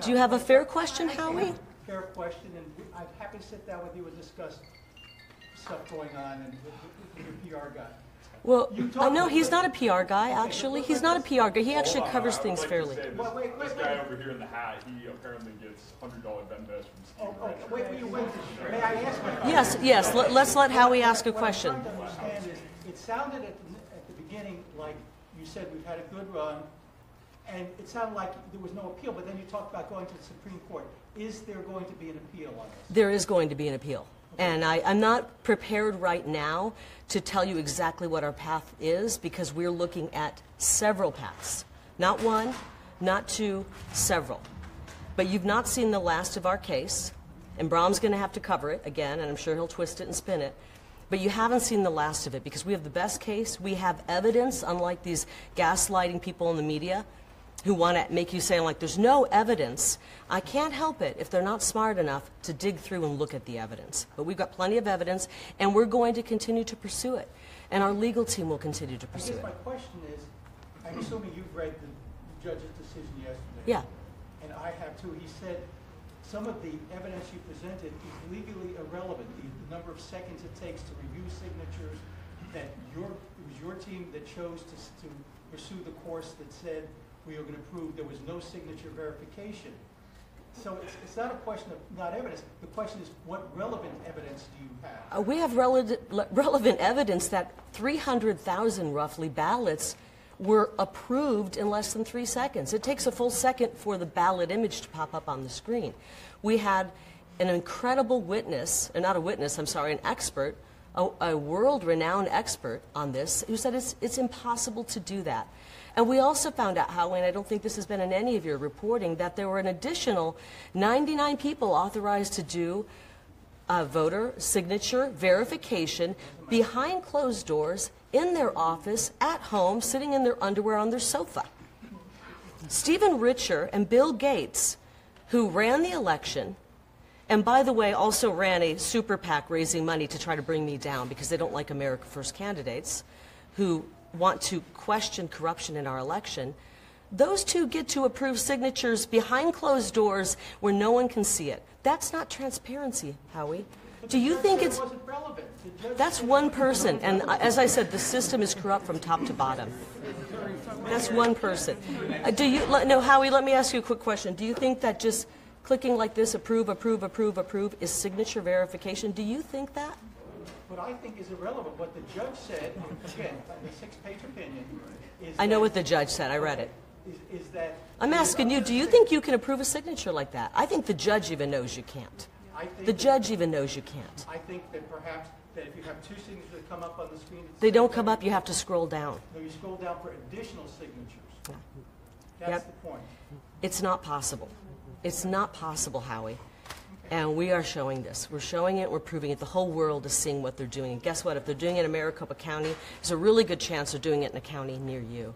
Do you have a fair question, Howie? Fair question, and I'm happy to sit down with you and discuss stuff going on and with your PR guy. Well, oh, no, he's not a PR guy, actually. He's not a PR guy. He actually on, covers I would things like fairly. this- Well, wait, This guy over here in the hat, he apparently gets hundred dollar vendettas from Steve Oh, oh Rich. Wait, wait, wait, may I ask my question? Yes, yes, let- let's let Howie ask a question. What I'm to understand is, it sounded at the, at the beginning like you said we've had a good run, and it sounded like there was no appeal, but then you talked about going to the Supreme Court. Is there going to be an appeal on this? There is going to be an appeal. And I, I'm not prepared right now to tell you exactly what our path is because we're looking at several paths. Not one, not two, several. But you've not seen the last of our case, and Brahm's going to have to cover it again, and I'm sure he'll twist it and spin it. But you haven't seen the last of it because we have the best case. We have evidence, unlike these gaslighting people in the media who want to make you sound like there's no evidence. I can't help it if they're not smart enough to dig through and look at the evidence. But we've got plenty of evidence, and we're going to continue to pursue it. And our legal team will continue to pursue it. my question is, I'm assuming you've read the judge's decision yesterday. Yeah. And I have too. He said some of the evidence you presented is legally irrelevant. The number of seconds it takes to review signatures, that your, it was your team that chose to, to pursue the course that said we were going to prove there was no signature verification. So it's, it's not a question of not evidence. The question is, what relevant evidence do you have? Uh, we have relevant, relevant evidence that 300,000 roughly ballots were approved in less than three seconds. It takes a full second for the ballot image to pop up on the screen. We had an incredible witness, and uh, not a witness, I'm sorry, an expert a, a world-renowned expert on this who said it's, it's impossible to do that. And we also found out how, and I don't think this has been in any of your reporting, that there were an additional 99 people authorized to do uh, voter signature verification behind closed doors in their office, at home, sitting in their underwear on their sofa. Stephen Richer and Bill Gates, who ran the election, and by the way, also ran a super PAC raising money to try to bring me down because they don't like America First candidates who want to question corruption in our election. Those two get to approve signatures behind closed doors where no one can see it. That's not transparency, Howie. Do you think it's that's one person? And uh, as I said, the system is corrupt from top to bottom. That's one person. Uh, do you no, Howie? Let me ask you a quick question. Do you think that just clicking like this, approve, approve, approve, approve, is signature verification. Do you think that? What I think is irrelevant, what the judge said, again, the six-page opinion, is I know what the judge said. I read it. Is, is that. I'm asking you, do you think you can approve a signature like that? I think the judge even knows you can't. I think The judge even knows you can't. I think that perhaps, that if you have two signatures that come up on the screen. the They don't come up, you have to scroll down. No, you scroll down for additional signatures. That's Yep. the point. It's not possible. It's not possible, Howie. And we are showing this. We're showing it, we're proving it. The whole world is seeing what they're doing. And guess what? If they're doing it in Maricopa County, there's a really good chance they're doing it in a county near you.